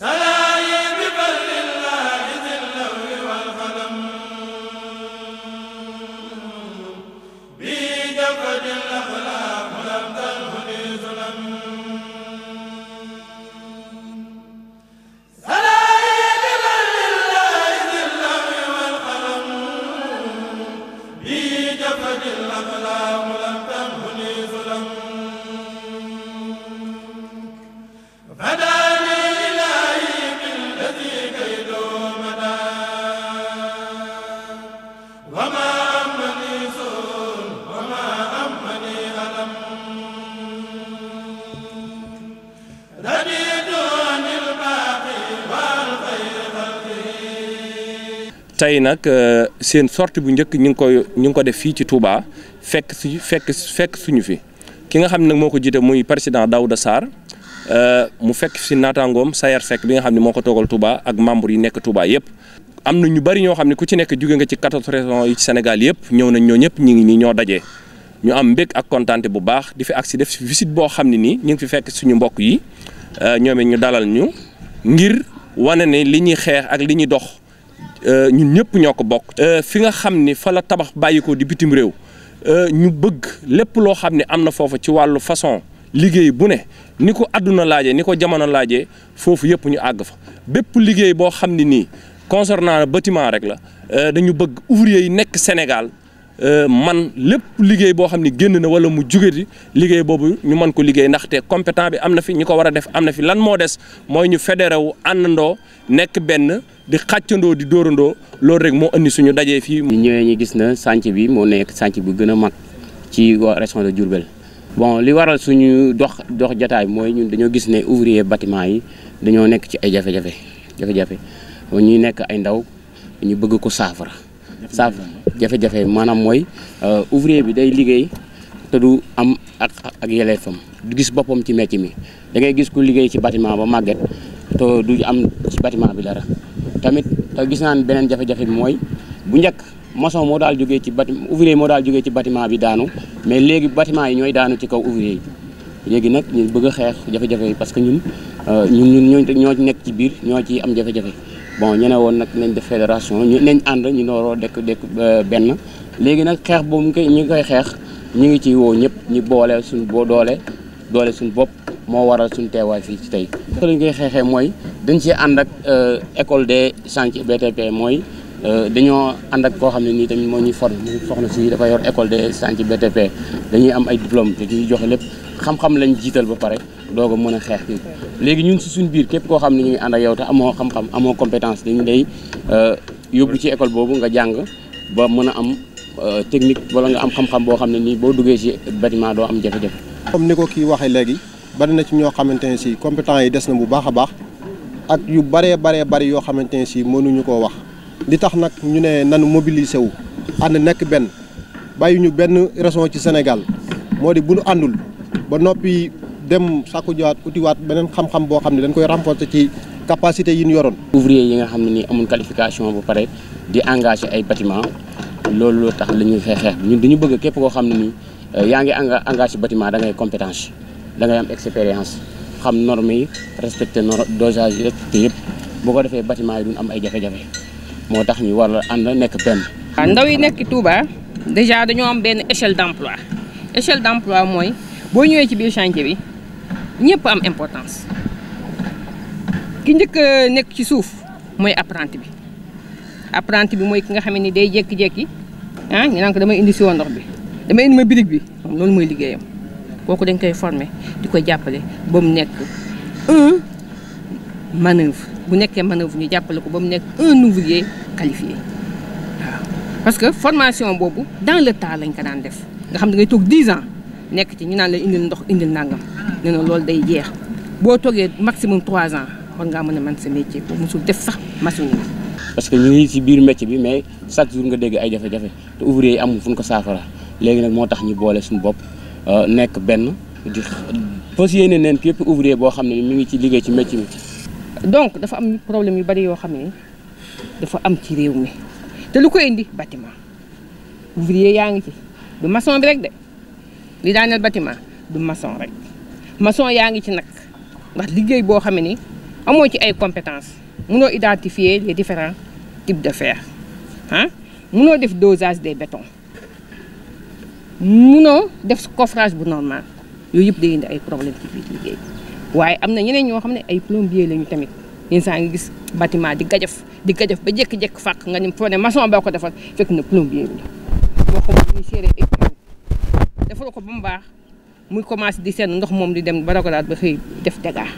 ます。tey nag euh, seen sorti bu njëkk ñu ngi koy ñu ngi ko def fii ci Touba fekk si fekk fekk suñu fi ki nga xam ne nag moo muy président Daouda Sarr euh, mu fekk si naataangoom Sayar Seck bi nga xam ne moo ko toogal Touba ak membre yi nekk Touba am ñu bari ñoo xam ne ku ci nekk jóge nga ci 14 régions yi ci Sénégal yëpp ñëw ñoo ñëpp ngi ñu am mbég ak kontaante bu baax di fi agsi def si visite boo xam ne nii ñu ngi fi fekk suñu mbokk yi euh, ñu dalal ñu ngir wane ne li ñuy xeex ak li dox. Euh, ñun ñëpp ñoo ko bokk. Euh, fi nga xam ni fa la tabax bàyyi di bitim réew euh, ñu bëgg lépp loo xam ne am na foofa ci wàllu façon liggéey bu ne ni ko àdduna laajee ni ko jamono laajee foofu yëpp ñu àgg fa bépp liggéey boo xam ne nii concernant batiment rek la dañu bëgg ouvrier yi nekk Sénégal. Euh, man lépp liggéey boo xam ne génn na wala mu jugati liggéey boobu ñu mën ko liggéey ndaxte compétent bi am na fi ñu ko war a def am na fi lan moo des mooy ñu fédéré wu àndandoo nekk benn di xàccandoo di dóorandoo loolu rek moo indi suñu dajee fii. mu ñëwee ñu gis na sànc bi moo nekk sànc bu gën a mag ci région de bon li waral suñu dox dox jataay mooy dañoo gis ne ouvrier bâtiment yi dañoo nekk ci ay jafe-jafe jafe-jafe nekk ay ndaw ñu bëgg ko saafara. saaf jafe-jafe maanaam mooy euh, ouvrier bi day liggéey te du am ak ak yeleefam du gis boppam ci métier mi da ngay gis ku liggéey ci batiment ba màgget te du am ci batiment bi dara tamit te gis naa ne beneen jafe-jafe bi mooy bu njëkk maçon moo daal jógee ci bâtiment ouvrier moo daal jógee ci bâtiment bi daanu mais léegi batiment yi ñooy daanu ci kaw ouvrier yi léegi nag ñu bëgg a xeex jafe-jafe yi parce que ñun euh, ñun ñun ñoo nekk ci biir ñoo ci am jafe-jafe bon ñu ne woon nag nañ def fédération ñu nañ ànd ñu nooroo dekk dekk benn léegi nag xeex boobu ñu koy ñu ngi koy xeex ñu ngi ciy woo ñëpp ñu boole suñ boo doole doole suñ bopp moo waral suñ teewaay fii ci tey. li ñu koy xeexee mooy dañ ci ànd ak euh, école des chantiers BTP mooy euh, dañoo ànd ak koo xam ne nii tamit moo ñuy forme soxna si dafa yor école des chantiers BTP dañuy am ay diplôme te ciy joxe lépp. xam-xam lañ jital ba paré dogo mëna xex a légui susun bir, ñun ci suñ biir képp ko xamni ñi ñu ak yow ta amo xam-xam amo compétence dañ lay euh, yobbu ci école bobu nga jang ba mëna am euh, technique wala nga am xam-xam bo xamni ni bo duggé ci si bâtiment do am jafe-jafe. comme niko ki waxé légui bari na ci ño xamanteni ci compétence yi dess na bu baaxa baax ak yu baree baree bari yo xamanteni ci mënu mënuñu ko wax li tax nak ñu ne nanu mobiliser wu and nek ben, bayu ñu ben raison ci Sénégal modi di bu ba noppi dem sàkku jiwaat utiwaat beneen xam-xam boo xam ne dañ koy renforcer ci capacité yi nu yoroon. ouvrier yi nga xam ne nii amuñ qualification bu pare di engagé ay batiment loolu loo tax la ñuy xeex ñun dañu bëgg képp koo xam ne nii euh, yaa ngi engagé batiment da ngay compétence da ngay am expérience xam normes yi nor dosage yi respecté yëpp boo ko defee batiment yi duñ am ay jafe-jafe moo tax ñu war a nekk benn. ndaw yi nekk Touba déjà dañoo am benn échelle d'emploi échelle d'emploi mooy. bo ñëwé ci biir chantier bi ñëpp am importance ki nek ci suuf moy apprenti bi apprenti bi ki nga day ah, ñu indi si woon bi indi ma bi liggéeyam dañ koy di un manœuvre bu manœuvre ñu ko un ouvrier qualifié parce que formation boobu dans le temps lañ ko daan def nga xam 10 ans. nekk ci ñu naan la indil ndox indil nangam nee na loolu day jeex boo toogee maximum 3 ans war ngaa mën a mën sa métier pour musul def sax machine parce que ñu ngi ci biir métier bi mais chaque jour nga dégg ay jafe-jafe te ouvrier yi amul fu ñu ko saafara léegi nag moo tax ñu boole suñu bopp euh, nekk benn di fas yéene neen képp ouvrier boo xam ne mi ngi ci liggéey ci métier bi. donc dafa am problème yu bari yoo xam ne dafa am ci réew mi te lu ko indi bâtiment ouvrier yaa ngi ci du maçon rek de. li y bâtiment du maçon rek maçon yaa ci nag ndax liggéey boo xam ci ay compétences les différents types de fer ah munoo def dosage des béton de def coffrage bu normal yooyu yëpp indi ay problème ci biir liggéey ñeneen ñoo ay plombier lañu tamit bâtiment di di ont ba nga maçon boo defal fekk plombier defal ko ba mu baax muy commencé di seen ndox moom di dem ba ragalaat ba xëy def dégâts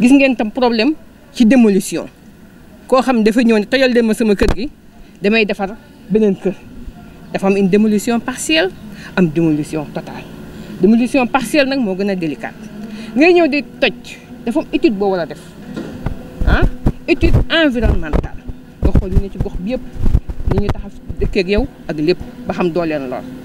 gis ngeen tam problème ci démolition koo xam dafa ñëw ne tojal dem ma sama kër gi damay defar beneen kër dafa am une démolition partielle am démolition totale démolition partielle nag moo gën a délicate ngay ñëw di toj dafa am étude boo war a def ah étude environnementale nga xool ñu ne ci gox bi yëpp ni ñu tax a dëkkeek yow ak lépp ba xam dooleen lool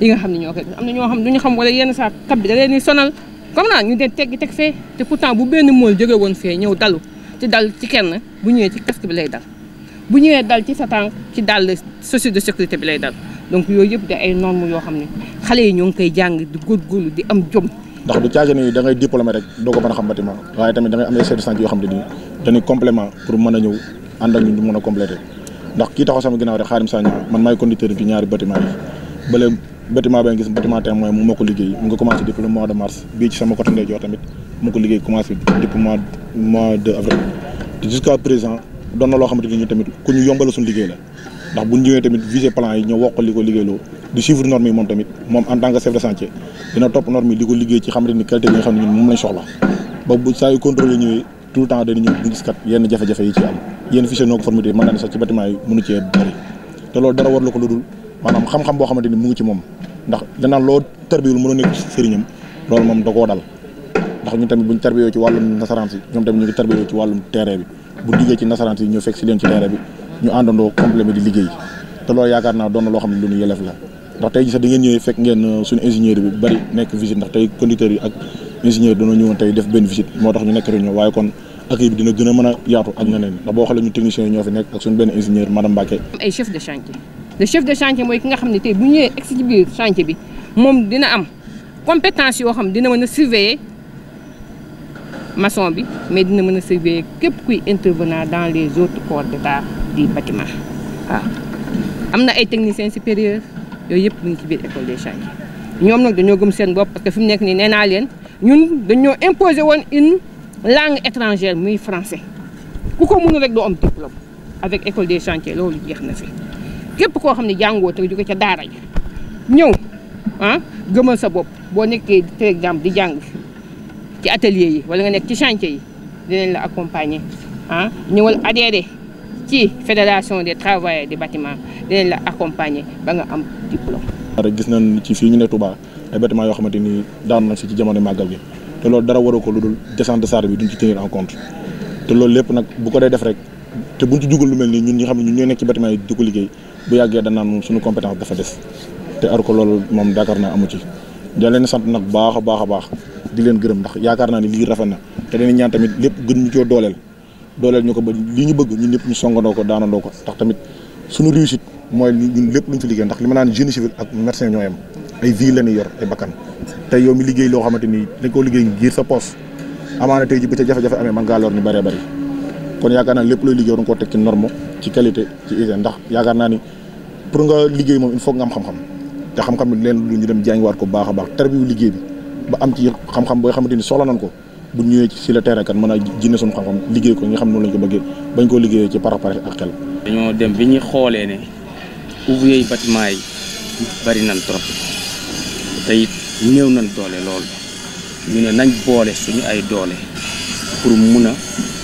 yi nga xam ne ñoo koy am na ñoo xam duñu xam wala yenn saa tab bi da leen di sonal comme naa ñu dee teggi teg fee te pourtant bu benn mool jóge woon fee ñëw dalu ci dal ci kenn bu ñëwee ci casque bi lay dal bu ñëwee dal ci sa tànk ci dal société de sécurité bi lay dal donc yooyu yëpp da ay normes yoo xam ne xale yi ñoo ngi koy jàng di góorgóorlu di am jom ndax du caagin ni da ngay diplômé rek doo ko mën a xam bâtiment waaye tamit da ngay am ay services yoo xam ne dañ dañuy complément pour a ñëw mën a complété ndax kii taxaw sama ginnaaw rek Xaadim Saña man maay conducteur bi ci bâtiment ba nga gis bâtiment témoin mu moko liggéey mu nga commencé depuis le mois de mars bi ci sama côté ndey jox tamit mu ko liggéey commencé depuis mois mois de avril te jusqu'à présent doon na loo xamante ñu tamit ku ñu yombal suñu liggéey la ndax buñu ñëwé tamit visé plan yi ñu wokk li ko liggéeyloo di chiffre norme yi mom tamit mom en tant que chef de chantier dina top norme yi di ko liggéey ci xamanteni qualité bi nga xam ne ñun moom lañ soxla ba bu sa yu contrôler ñëwé tout temps dañu ñëw gis kat yenn jafé jafé yi ci am yenn fichier noko formuler man na sax ci bâtiment yi mënu ci bari té lool dara war lako ko maanaam xam-xam boo xamante ni mu ngi ci moom ndax danaan loo tarbiwul mënoo nekk sëriñam loolu moom da koo dal ndax ñu tamit buñ tarbiyoo ci wàllum nasaraan si ñoom tamit ñu ngi tarbiyoo ci bu liggéey ci nasaraan si ñu fekk si leen ci terrain bi ñu di liggéey te loolu yaakaar naa doon loo xam ne lu ñu yelef la ndax tey ji sax da ngeen ñëwee fekk ngeen uh, suñu ingénieur bi bari nekk visite ndax tey conducteurs yi ak ingénieur dañoo ñëwoon tey def benn visite moo tax ñu nekk réunion waaye kon accueil bi dina gën a mën a yaatu ak yi ñoo fi nekk ak suñu benn ingénieur madame Mbacké le chef de chantier moy ki nga xamné ne bu ñëwé egg ci biir chantier bi mom dina am compétence yo xam dina mëna surveiller maçon bi mais dina mëna surveiller képp kuy intervenant dans les autres corps d'état du bâtiment Ah. am ay techniciens supérieurs yooyu yëpp ngi ci biir école des chantiers ñoom nag dañoo gëm seen bopp parce que fi mu nekk nii nee naa leen ñun dañoo imposer woon une langue étrangère muy français ku ko mënu rek doo am diplôme avec école des chantiers loolu jeex na fi képp koo xam ne jàngoo te jóge ca daara ji ñëw ah gëmal sa bopp boo nekkee par exemple di jàng ci atelier yi wala nga nekk ci chance yi dinañ la accompagner ah ñëwal adhéré ci fédération des travailleurs du bâtiment dinañ la accompagner ba nga am diplôme. rek gis nañ ci fii ñu ne Touba ay bâtiment yoo xamante ni daan na si ci jamono màggal gi te loolu dara waroo ko lu dul descente de Sarr bi duñ ci tenir en te loolu lépp nag bu ko dee def rek. te buñ ci duggal lu melni ñun ñi xamni ne ñun ñoo nekk ci bâtiment yi di ko liggéey bu yàggee danaan moom suñu compétence dafa des te ar ko loolu moom dakar naa amu ci da leen sant nag baax a baax a baax di leen gërëm ndax yaakaar naa ni lii rafet na te dañu ñaan tamit lépp gën ñu coo dooleel dooleel ñu ko ba li ñu bëgg ñun ñëpp ñu songandoo ko daanandoo ko ndax tamit suñu réussite mooy ñun lépp luñ fi liggéey ndax li ma naan jeune civil ak médecin ñoo yem ay vie la ñuy yor ay bakkan te yow mi liggéey loo xamante ni dañ koo liggéey ngir sa poste amaana tey ji bu ca jafe-jafe amee man ngaa lor ni bëree bëri kon yaakaar naa lépp looy liggéey war nga koo teg ci ci qualité ci hygiène ndax yaakaar naa ni pour nga liggéey moom il faut nga am xam-xam te xam-xam bi leen lu ñu dem jàngiwaat ko baax a baax tarbiwu liggéey bi ba am ci xam-xam boo xamante ni soxla nañ ko bu ñëwee si la terrain kan mën a jinne suñu xam-xam liggéey ko nga xam noonu lañ ko bëggee bañ koo liggéeyee ci par rapport ak xel dañoo dem bi ñu xoolee ne ouvrier yi bâtiment bari nañ trop te it néew nañ doole lool ñu ne nañ boole suñu ay doole pour mun a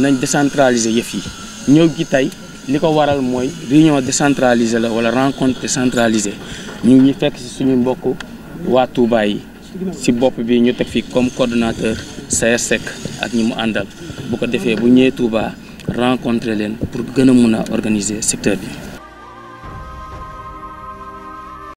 nañ décentraliser yëf yi ñëw gi tey li ko waral mooy réunion décentralisée la wala rencontre décentralisée ñu ngi fekk ci suñu mbokk waa Touba yi ci bopp bi ñu teg fi comme coordonnateur CRSEC e ak ñi mu àndal bu ko defee bu ñëwee Touba rencontrer leen pour gën a mun a organiser secteur bi.